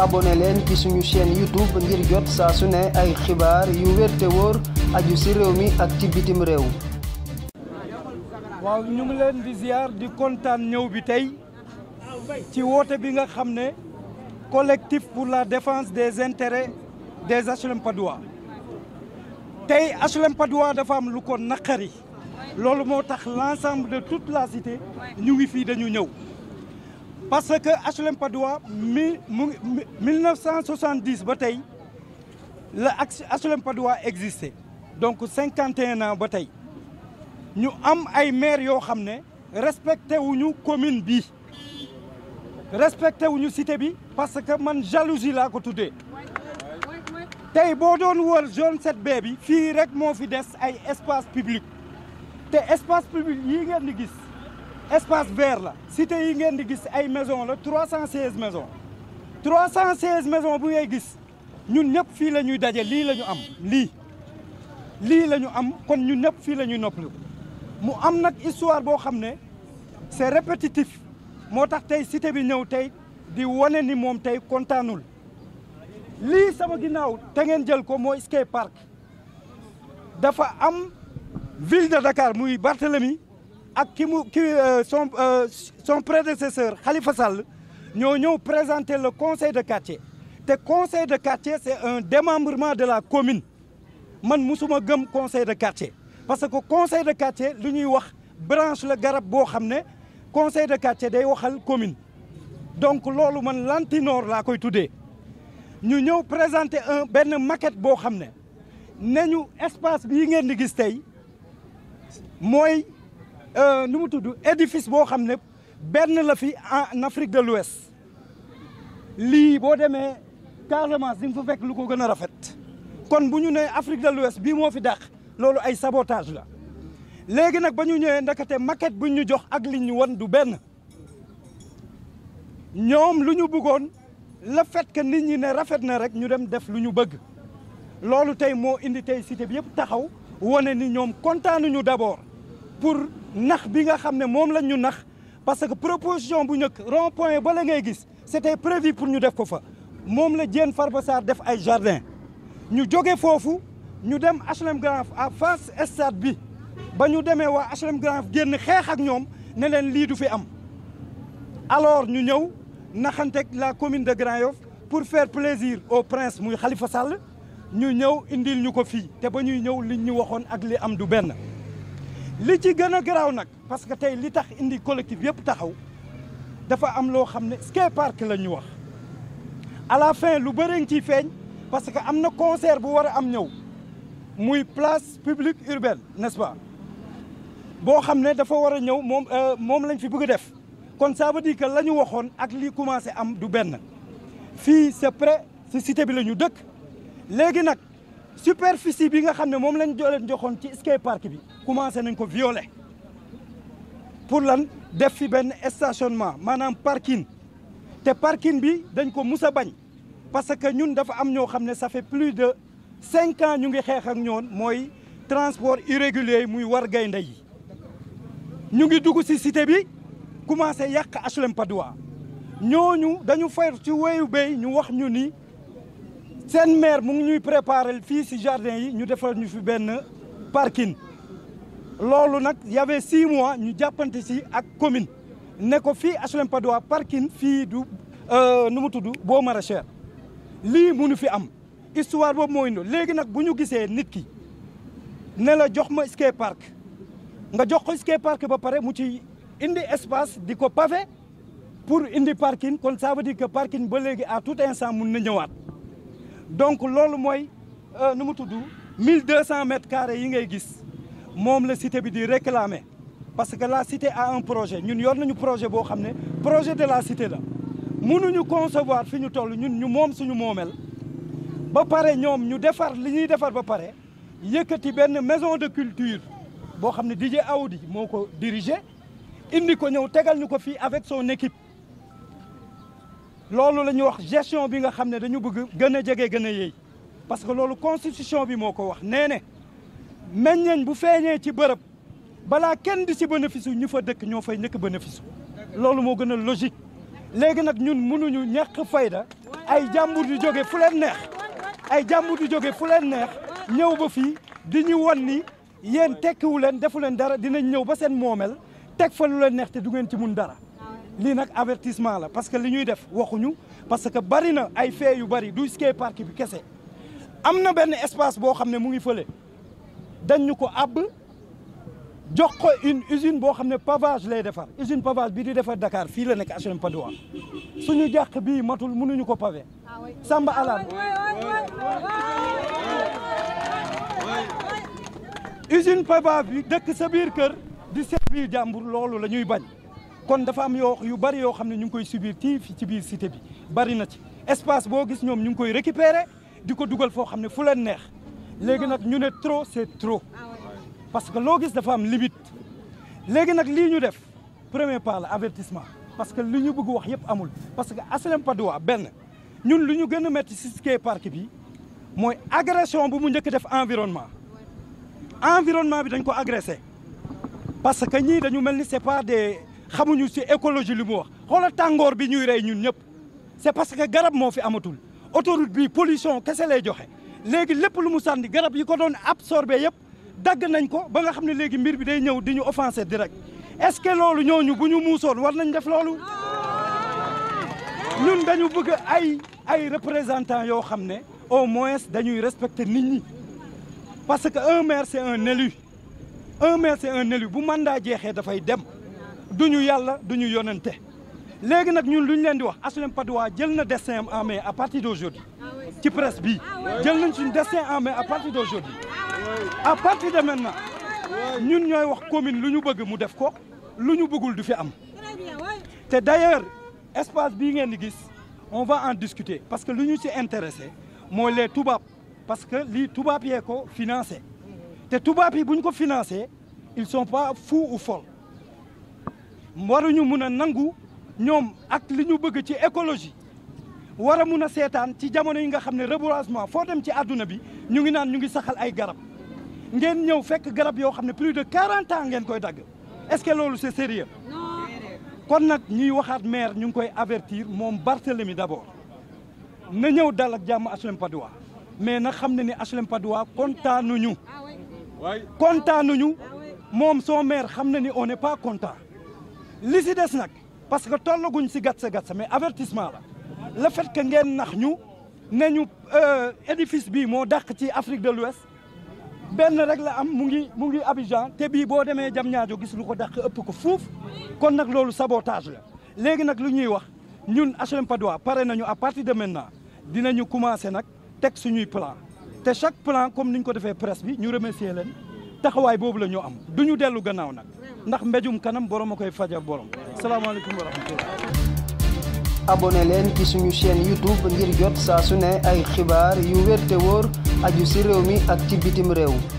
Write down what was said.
abonné leen ci suñu chaîne YouTube ngir jot saa su ne ay xibaar yu wér te wóor aju ci réew mi ak ci bitim réew. waaw ñu ngi leen di ziar di kontaan ñëw bi tey ci woote bi nga xam ne collectif pour la défense des intéret des HLM Padoua tey HLM Padoua dafa am lu ko naqari loolu moo tax l'ensemble de toute la cité ñu ngi fii dañu ñëw. parce que HLM Padoua mi mu 1970 ba tey la HLM Padoua existé donc 51 ans ba tey ñu am ay maire yoo xam ne respecté wuñu commune bi respecté wuñu cité bi parce que man jalousie laa ko tuddee tey boo doon wër zone 7B bi fii rek moo fi des ay espace public te espace public yii ngeen di gis espace vert la cité yi ngeen di gis ay maison la 316 maison 316 maison bu gis ñun ñëpp fii la ñuy daje lii la ñu am lii lii la ñu am kon ñun ñëpp fii la ñuy noppalu mu am nag histoire boo xam ne c'est répétitif moo tax tey cité bi ñëw tey di wane ni moom tey kontaanul lii sama ginnaaw te ngeen jël ko mooy skate park dafa am ville de Dakar muy bartelemi ak ki mu ki euh, son euh, son prédécesseur Khalifa Sall ñoo ñëw présenter le conseil de quartier te conseil de quartier c'est un démembrement de la commune man musuma gëm conseil de quartier parce que conseil de quartier lu ñuy wax branche la garab boo xam ne conseil de quartier day waxal commune donc loolu man lantinoor laa koy tuddee ñu ñëw présenter un benn maquette boo xam ne ñu espace bii ngeen di gis tey mooy Euh, nu mu tudd édifice boo xam ne benn la fi en Afrique de l'Ouest lii boo demee Casamance di nga fa fekk lu ko gën a rafet kon bu ñu nee Afrique de l'Ouest bii moo fi dàq loolu ay sabotage la léegi nag ba ñu ñëwee ndekete maquette bu ñu jox ak li ñu wan du benn ñoom lu ñu bëggoon le fait nit ñi ne rafet na rek ñu dem def lu ñu bëgg loolu tey moo indi tey cité bi yëpp taxaw wane ni ñoom kontaanuñu d'abord pour nax bi nga xam ne moom lañ ñu nax parce que proposition bu ñëkk rond bala ba la ngay gis c'était prévu pour ñu def ko fa moom la Diène Farba Sarr def ay jardin ñu joge foofu ñu dem HLM Grand à face stade bi ba ñu demee waa HLM Grand génn xeex ak ñoom ne leen lii du fi am alors ñu ñëw naxanteeg la commune de Grand Yoff pour faire plaisir au prince muy Khalifa Sall ñu ñëw indi ñu ko fii te ba ñuy ñëw liñ ñu waxoon ak li am du benn li ci gën a garaaw nag parce que tey li tax indi collectif yëpp taxaw dafa am loo xam ne skate park la ñu wax à la lu bëri ngi ciy feeñ parce que am na concert bu war a am ñëw muy place publique urbaine nest boo xam ne dafa war a ñëw moom euh, moom lañ fi bëgg a def kon ça veut dire la ñu waxoon ak li commencé am du benn fii c'est près ci cité bi la ñu dëkk léegi nag superficie bi nga xam ne moom lañ leen joxoon ci skate park bi commencé nañ ko violer pour lan def fi benn stationnement maanaam parkin te parking bi dañ ko mus a bañ parce que ñun dafa am ñoo xam ne ça fait plus de cinq ans ñu ngi xeex ak ñoon mooy transport irrégulier yi muy war gaynde yi ñu ngi dugg si cité bi commencé yàq HLM Patte ñooñu dañu fay ci wéyu béy ñu wax ñu ni seen maire mu ngi ñuy préparer fii si jardin yi ñu defal ñu fi benn parkin loolu nag y avait mois ñu jàppante si ak commune ne ko fii HLM Patte d'Oie fii du euh, nu mu tudd boo maraîchère lii ñu fi am histoire boobu moo indi léegi nag bu ñu gisee nit ki ne la jox ma skate park nga jox ko skate park ba pare mu ci indi espace di ko pavé pour indi parking kon ça veut dire que parking ba léegi à tout instant mun na ñëwaat donc loolu mooy euh, nu mu tudd 1200 mètres carrés yi ngay gis moom la cité bi di réclamer parce que la cité a un projet ñun yor nañu projet boo xam ne projet de la cité la mënuñu concevoir fi ñu toll ñun ñu moom suñu moomeel ba pare ñoom ñu defar li ñuy defar ba pare yëkkati benn maison de culture boo xam ne DJ Audi moo ko dirigé indi ko ñëw tegal ñu ko fii avec son équipe loolu la ñuy wax gestion bi nga xam ne dañu bëgg gën a jege gën a yéey parce que loolu constitution bi moo ko wax nee ne meññeeñ bu feeñee ci bërëb balaa kenn di si bénéfice ñu fa dëkk ñoo fay ñëkk bénéfice loolu moo gën a logique léegi nag ñun mënuñu ñàkk fayda ay jàmbur di jóge fu leen neex ay jàmbur di jóge fu leen neex ñëw ba fii di ñu wan ni yéen tekkiwu leen defu leen dara dinañ ñëw ba seen moomel teg fa leen neex te du ci mun dara lii nag avertissement la parce que li ñuy def waxuñu parce que bari na ay fee yu bari du skate park bi kese am na benn espace boo xam ne mu ngi fële dañ ñu ko ab jox ko usine boo xam ne pavage lay defar usine pavage bii di defar dakaar fii la nekk HLM Padois suñu jàq bii matul mënuñu ko pavé Samba Alam usine pavage bi dëkk sa biir kër di servir jàmbur loolu la ñuy bañ kon dafa am yoo yu bari yoo xam ne ñu ngi koy subir ci ci biir cité bi bari na ci espace boo gis ñoom ñu ngi koy récupérer di ko dugal foo xam ne fu leen neex léegi nag ñu ne trop c'est trop parce que loo gis dafa am limite léegi nag lii ñu def premier pas la avertissement parce que li ñu bëgg wax yëpp amul parce que Aslem Padoua benn ñun lu ñu gën a métti si kii parc bi mooy agression bu mu njëkk def environnement environnement bi dañ ko agressé parce que ñii dañu mel ni c'est pas des xamuñu si écologie li mu wax xoolal tàngoor bi ñuy rey ñun ñëpp c'est parce que garab moo fi amatul autoroute bi pollution kese lay joxe léegi lépp lu mu sànni garab yi ko doon absorbé yëpp dagg nañ ko ba nga xam ne léegi mbir bi day ñëw di ñu offensé direct est-ce que loolu ñooñu bu ñu muusoon war nañ def loolu ñun dañu bëgg ay ay représentants yoo xam ne au moins dañuy respecter nit ñi parce que un maire c'est un élu un maire c'est un élu bu mandat jeexee dafay dem du ñu yàlla du ñu yonente léegi nag ñun lu ñu leen di wax HLM Patte d'Oie jël na destin en à parti partir d'aujourd'hui ci presse bi jël nañ suñu destin en main à partir d'aujourd'hui à parti de maintenant ñun ñooy wax commune lu ñu bëgg mu def ko lu ñu bëggul du fi am te d'ailleurs espace bii ngeen di gis on va en discuter parce que lu ñu ci intéressé moo les tubaab parce que lii tubaab yee ko financé te tubaab yi bu ñu ko financé il sont pas fous ou waruñu mun a nangu ñoom ak li ñu bëgg ci écologie war a mun a seetaan ci jamono yi nga xam ne reboisement foo dem ci àdduna bi ñu ngi naan ñu ngi saxal ay garab ngeen ñëw fekk garab yoo xam ne plus de 40 ans ngeen koy dagg est-ce que loolu c'est sérieux kon nag ñuy waxaat maire ñu ngi koy avertir moom Barthélemy d'abord na ñëw dal ak jàmm HLM Patte mais na xam ne ni HLM Patte d'Oie kontaanuñu kontaanuñu moom soo maire xam na ni on n'est pas li si des nag parce que tollaguñ si gatsa gatsa mais avertissement la le fait que ngeen nax ñu ne ñu euh, édifice bii moo daq ci Afrique de l'Ouest benn rek la am mu ngi mu ngi Abidjan te bii boo demee jam Diamniadio gis lu ko dàq ëpp ko fuuf kon nag loolu sabotage la léegi nag lu ñuy wax ñun HLM Patte pare nañu à partir de maintenant dinañu commencé nag teg suñuy plan te chaque plan comme ni ñu ko defee presse bi ñu remercier leen taxawaay boobu la ñoo am du ñu dellu gannaaw nag ndax mbejum kanam borom a koy fajal borom salaamaaleykum wa rahmatullah abonné leen ci suñu chaîne youtube ngir jot saa su ne ay xibaar yu wér te wóor aju si réew mi ak ci bitim réew